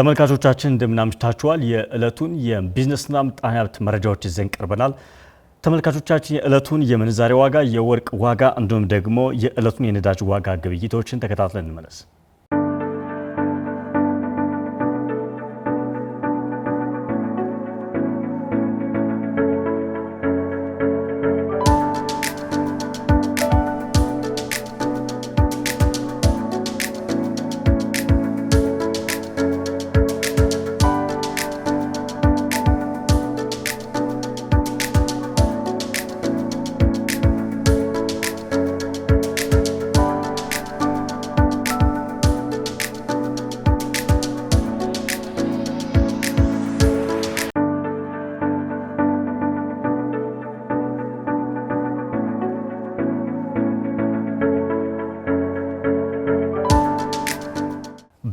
ተመልካቾቻችን እንደምናምሽታችኋል። የዕለቱን የቢዝነስና ምጣኔ ሀብት መረጃዎች ይዘን ቀርበናል። ተመልካቾቻችን የዕለቱን የምንዛሬ ዋጋ፣ የወርቅ ዋጋ እንዲሁም ደግሞ የዕለቱን የነዳጅ ዋጋ ግብይቶችን ተከታትለን እንመለስ።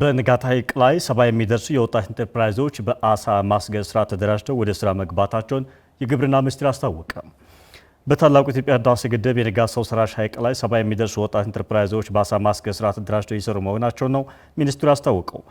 በንጋት ሐይቅ ላይ ሰባ የሚደርሱ የወጣት ኢንተርፕራይዞች በአሳ ማስገር ስራ ተደራጅተው ወደ ስራ መግባታቸውን የግብርና ሚኒስቴር አስታወቀ። በታላቁ ኢትዮጵያ ህዳሴ ግድብ የንጋት ሰው ሰራሽ ሐይቅ ላይ ሰባ የሚደርሱ ወጣት ኢንተርፕራይዞች በአሳ ማስገር ስራ ተደራጅተው እየሰሩ መሆናቸውን ነው ሚኒስትሩ አስታወቀው።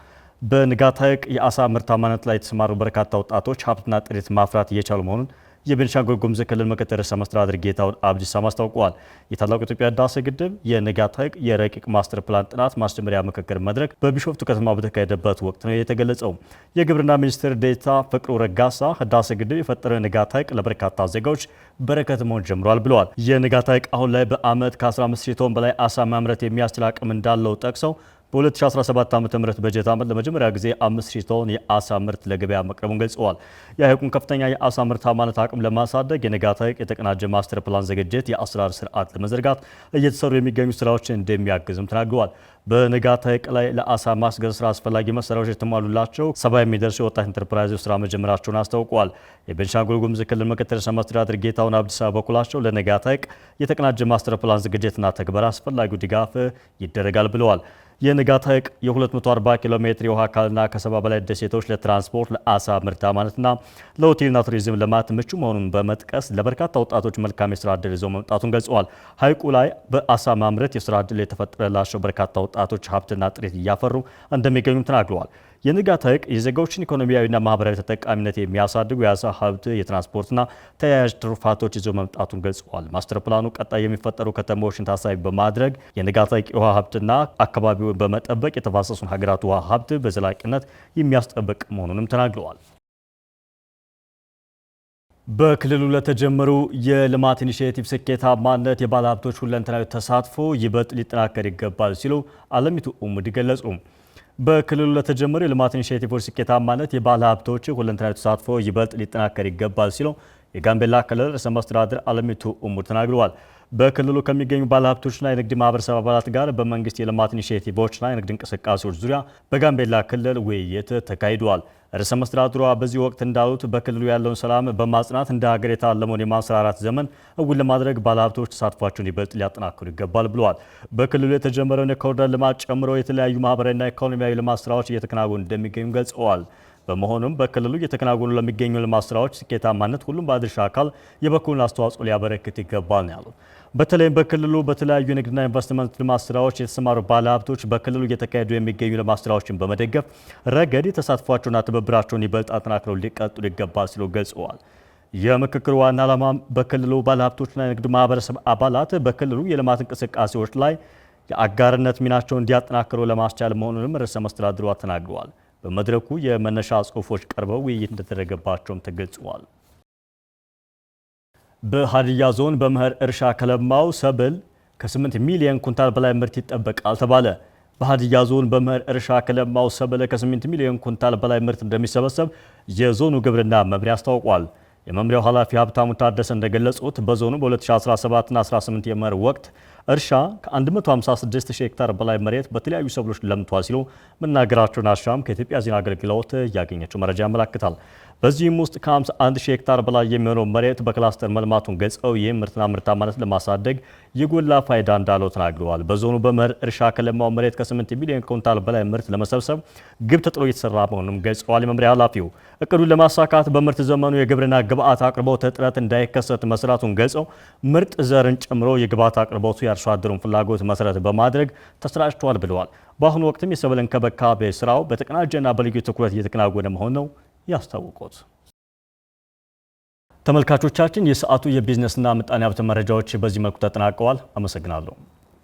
በንጋት ሐይቅ የአሳ ምርታማነት ላይ የተሰማሩ በርካታ ወጣቶች ሀብትና ጥሪት ማፍራት እየቻሉ መሆኑን የቤንሻንጉል ጉሙዝ ክልል ምክትል ርዕሰ መስተዳድር ጌታሁን አብዲሳም አስታውቀዋል። የታላቁ ኢትዮጵያ ህዳሴ ግድብ የንጋት ሐይቅ የረቂቅ ማስተር ፕላን ጥናት ማስጀመሪያ ምክክር መድረክ በቢሾፍቱ ከተማ በተካሄደበት ወቅት ነው የተገለጸው። የግብርና ሚኒስትር ዴታ ፍቅሩ ረጋሳ ህዳሴ ግድብ የፈጠረው የንጋት ሐይቅ ለበርካታ ዜጋዎች በረከት መሆን ጀምሯል ብለዋል። የንጋት ሐይቅ አሁን ላይ በዓመት ከ15 ሺህ ቶን በላይ አሳ ማምረት የሚያስችል አቅም እንዳለው ጠቅሰው በ2017 ዓ ም በጀት ዓመት ለመጀመሪያ ጊዜ 5000 ቶን የአሳ ምርት ለገበያ መቅረቡን ገልጸዋል። የሐይቁን ከፍተኛ የአሳ ምርታማነት አቅም ለማሳደግ የንጋት ሐይቅ የተቀናጀ ማስተር ፕላን ዝግጅት የአሰራር ስርዓት ለመዘርጋት እየተሰሩ የሚገኙ ስራዎችን እንደሚያግዝም ተናግረዋል። በንጋት ሐይቅ ላይ ለአሳ ማስገር ስራ አስፈላጊ መሳሪያዎች የተሟሉላቸው ሰባ የሚደርሱ የወጣት ኢንተርፕራይዞች ስራ መጀመራቸውን አስታውቀዋል። የቤንሻንጉል ጉሙዝ ክልል ምክትል ርዕሰ መስተዳድር ጌታሁን አብዲሳ በኩላቸው ለንጋት ሐይቅ የተቀናጀ ማስተር ፕላን ዝግጅትና ተግባር አስፈላጊው ድጋፍ ይደረጋል ብለዋል። የንጋት ሐይቅ የ240 ኪሎ ሜትር የውሃ አካልና ከሰባ በላይ ደሴቶች ለትራንስፖርት፣ ለአሳ ምርታማነትና ለሆቴልና ቱሪዝም ልማት ምቹ መሆኑን በመጥቀስ ለበርካታ ወጣቶች መልካም የስራ ድል ይዘው መምጣቱን ገልጸዋል። ሐይቁ ላይ በአሳ ማምረት የስራ ድል የተፈጠረላቸው በርካታ ወጣቶች ሀብትና ጥሪት እያፈሩ እንደሚገኙም ተናግረዋል። የንጋት ሐይቅ የዜጋዎችን ኢኮኖሚያዊና ማህበራዊ ተጠቃሚነት የሚያሳድጉ የአሳ ሀብት፣ የትራንስፖርትና ተያያዥ ትሩፋቶች ይዞ መምጣቱን ገልጸዋል። ማስተር ፕላኑ ቀጣይ የሚፈጠሩ ከተሞችን ታሳቢ በማድረግ የንጋት ሐይቅ የውሃ ሀብትና አካባቢውን በመጠበቅ የተፋሰሱን ሀገራት ውሃ ሀብት በዘላቂነት የሚያስጠብቅ መሆኑንም ተናግረዋል። በክልሉ ለተጀመሩ የልማት ኢኒሽቲቭ ስኬታማነት የባለሀብቶች ሁለንተናዊ ተሳትፎ ይበልጥ ሊጠናከር ይገባል ሲሉ አለሚቱ ኡሙድ ገለጹ። በክልሉ ለተጀመሩ የልማት ኢኒሽቲቮች ስኬታማነት የባለ ሀብቶች ሁለንተናዊ ተሳትፎ ይበልጥ ሊጠናከር ይገባል ሲሉ የጋምቤላ ክልል ርዕሰ መስተዳድር አለሚቱ ኡሙር ተናግረዋል። በክልሉ ከሚገኙ ባለሀብቶችና የንግድ ማህበረሰብ አባላት ጋር በመንግስት የልማት ኢኒሽቲቮችና የንግድ እንቅስቃሴዎች ዙሪያ በጋምቤላ ክልል ውይይት ተካሂደዋል። ርዕሰ መስተዳድሯ በዚህ ወቅት እንዳሉት በክልሉ ያለውን ሰላም በማጽናት እንደ ሀገር የታለመውን የማንሰራራት ዘመን እውን ለማድረግ ባለሀብቶች ተሳትፏቸውን ይበልጥ ሊያጠናክሩ ይገባል ብለዋል። በክልሉ የተጀመረውን የኮሪደር ልማት ጨምሮ የተለያዩ ማህበራዊና ኢኮኖሚያዊ ልማት ስራዎች እየተከናወኑ እንደሚገኙ ገልጸዋል። በመሆኑም በክልሉ እየተከናወኑ ለሚገኙ ልማት ስራዎች ስኬታማነት ሁሉም ባለድርሻ አካል የበኩሉን አስተዋጽኦ ሊያበረክት ይገባል ነው ያሉት። በተለይም በክልሉ በተለያዩ ንግድና ኢንቨስትመንት ልማት ስራዎች የተሰማሩ ባለሀብቶች በክልሉ እየተካሄዱ የሚገኙ ልማት ስራዎችን በመደገፍ ረገድ ተሳትፏቸውና ትብብራቸውን ይበልጥ አጠናክረው ሊቀጥሉ ይገባል ሲሉ ገልጸዋል። የምክክሩ ዋና ዓላማ በክልሉ ባለሀብቶችና የንግድ ማህበረሰብ አባላት በክልሉ የልማት እንቅስቃሴዎች ላይ የአጋርነት ሚናቸውን እንዲያጠናክሩ ለማስቻል መሆኑንም ርዕሰ መስተዳድሯ ተናግረዋል። በመድረኩ የመነሻ ጽሁፎች ቀርበው ውይይት እንደተደረገባቸውም ተገልጿል። በሀዲያ ዞን በመኸር እርሻ ከለማው ሰብል ከ8 ሚሊዮን ኩንታል በላይ ምርት ይጠበቃል ተባለ። በሀዲያ ዞን በመኸር እርሻ ከለማው ሰብል ከ8 ሚሊዮን ኩንታል በላይ ምርት እንደሚሰበሰብ የዞኑ ግብርና መምሪያ አስታውቋል። የመምሪያው ኃላፊ ሀብታሙ ታደሰ እንደገለጹት በዞኑ በ2017ና 18 የመኸር ወቅት እርሻ ከ156 ሄክታር በላይ መሬት በተለያዩ ሰብሎች ለምቷል ሲሉ መናገራቸውን አሻም ከኢትዮጵያ ዜና አገልግሎት ያገኘችው መረጃ ያመላክታል። በዚህም ውስጥ ከ51 ሺህ ሄክታር በላይ የሚሆነው መሬት በክላስተር መልማቱን ገልጸው ይህም ምርትና ምርታማነት ለማሳደግ የጎላ ፋይዳ እንዳለው ተናግረዋል። በዞኑ በመኸር እርሻ ከለማው መሬት ከ8 ሚሊዮን ኩንታል በላይ ምርት ለመሰብሰብ ግብ ተጥሎ እየተሰራ መሆኑንም ገልጸዋል። የመምሪያ ኃላፊው እቅዱን ለማሳካት በምርት ዘመኑ የግብርና ግብአት አቅርቦት እጥረት እንዳይከሰት መስራቱን ገልጸው ምርጥ ዘርን ጨምሮ የግብአት አቅርቦቱ የአርሶ አደሩን ፍላጎት መሰረት በማድረግ ተሰራጭቷል ብለዋል። በአሁኑ ወቅትም የሰብል እንክብካቤ ስራው በተቀናጀና በልዩ ትኩረት እየተከናወነ መሆን ነው ያስታወቁት። ተመልካቾቻችን፣ የሰዓቱ የቢዝነስና ምጣኔ ሀብት መረጃዎች በዚህ መልኩ ተጠናቀዋል። አመሰግናለሁ።